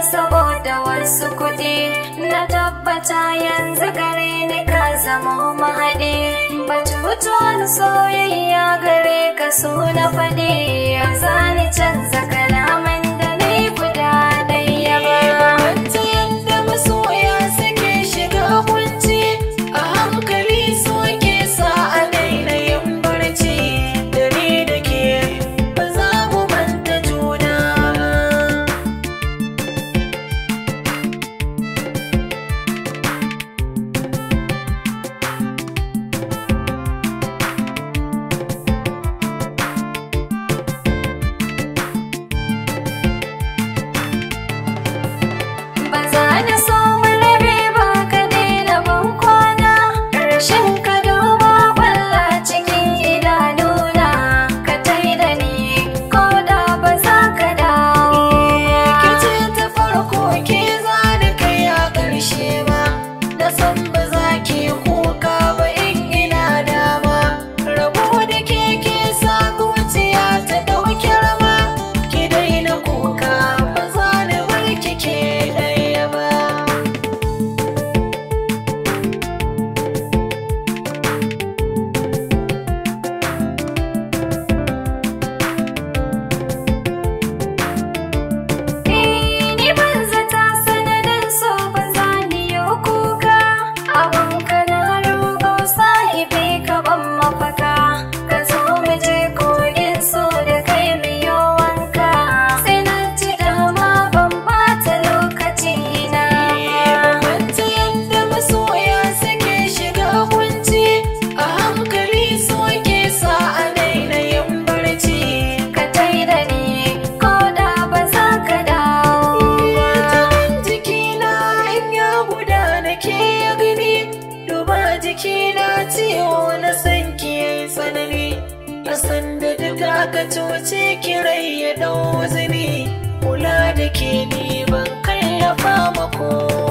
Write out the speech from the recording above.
saboda wasu kuɗi na tabbata yanzu gare ni ka zama mahaɗi ba wani soyayya gare ka so na faɗi ya zani canza gare I años za ka cuce rai ya dau zini kula da ke ni ban kallafa mako